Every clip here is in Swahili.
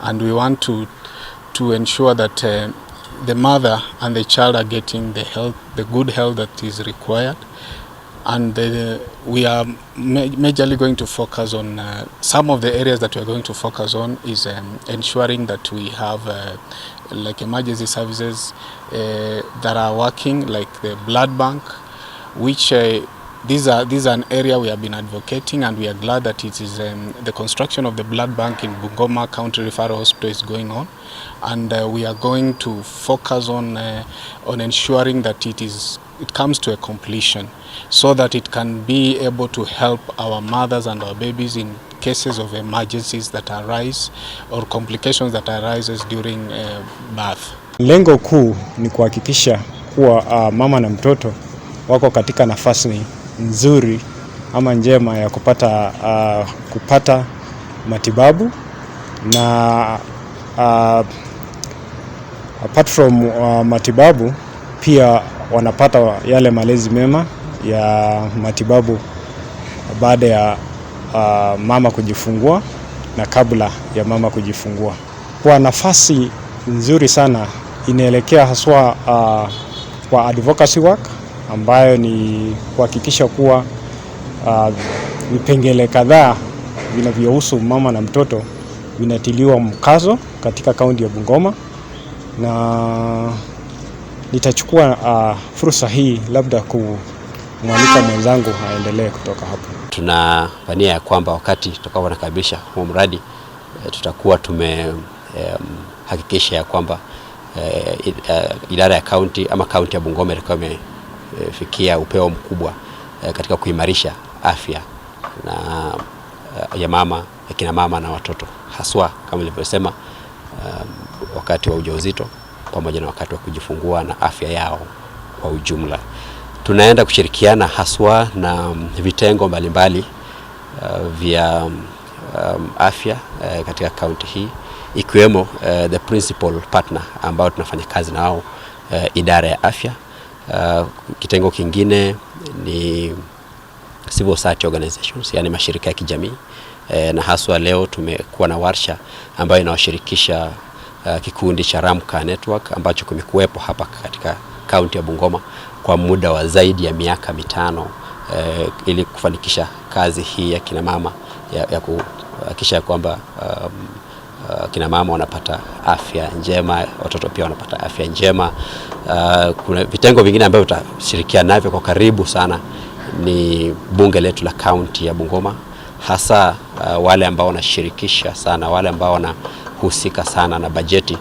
and we want to, to ensure that uh, the mother and the child are getting the health, the good health that is required. And the, uh, we are ma majorly going to focus on uh, some of the areas that we are going to focus on is um, ensuring that we have uh, like emergency services uh, that are working like the blood bank which uh, These are, this is an area we have been advocating and we are glad that it is um, the construction of the blood bank in Bungoma County Referral Hospital is going on and uh, we are going to focus on, uh, on ensuring that it is it comes to a completion so that it can be able to help our mothers and our babies in cases of emergencies that arise or complications that arises during uh, birth. Lengo kuu ni kuhakikisha kuwa uh, mama na mtoto wako katika nafasi nzuri ama njema ya kupata, uh, kupata matibabu na uh, apart from uh, matibabu pia wanapata yale malezi mema ya matibabu baada ya uh, mama kujifungua na kabla ya mama kujifungua. Kwa nafasi nzuri sana inaelekea haswa uh, kwa advocacy work ambayo ni kuhakikisha kuwa ah, vipengele uh, kadhaa vinavyohusu mama na mtoto vinatiliwa mkazo katika kaunti ya Bungoma, na nitachukua uh, fursa hii labda kumwalika mwenzangu aendelee kutoka hapo. Tunafania ya kwamba wakati tutakapo nakamilisha huo mradi eh, tutakuwa tumehakikisha um, ya kwamba uh, idara ya kaunti ama kaunti ya Bungoma ilikuwa kufikia upeo mkubwa eh, katika kuimarisha afya na eh, ya mama ya kina mama na watoto haswa kama nilivyosema, um, wakati wa ujauzito pamoja na wakati wa kujifungua na afya yao kwa ujumla. Tunaenda kushirikiana haswa na mm, vitengo mbalimbali uh, vya um, afya uh, katika kaunti hii ikiwemo uh, the principal partner ambao tunafanya kazi nao uh, idara ya afya Uh, kitengo kingine ni civil society organizations, yani mashirika ya kijamii eh, na haswa leo tumekuwa na warsha ambayo inawashirikisha uh, kikundi cha Ramka Network ambacho kimekuwepo hapa katika kaunti ya Bungoma kwa muda wa zaidi ya miaka mitano eh, ili kufanikisha kazi hii ya kinamama ya, ya kuhakikisha ya kwamba um, Uh, kina mama wanapata afya njema, watoto pia wanapata afya njema. Uh, kuna vitengo vingine ambavyo tutashirikiana navyo kwa karibu sana ni bunge letu la kaunti ya Bungoma, hasa uh, wale ambao wanashirikisha sana, wale ambao wanahusika sana na bajeti,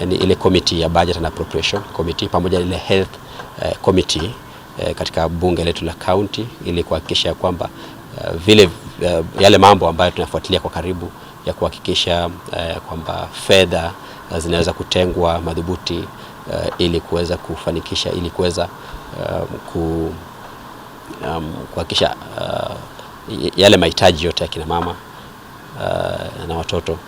yani eh, ile committee ya budget and appropriation committee pamoja na ile health uh, committee uh, katika bunge letu la kaunti ili kuhakikisha kwamba uh, vile uh, yale mambo ambayo tunafuatilia kwa karibu ya kuhakikisha eh, kwamba fedha eh, zinaweza kutengwa madhubuti eh, ili kuweza kufanikisha ili kuweza eh, um, kuhakikisha um, uh, yale mahitaji yote ya kina mama uh, na watoto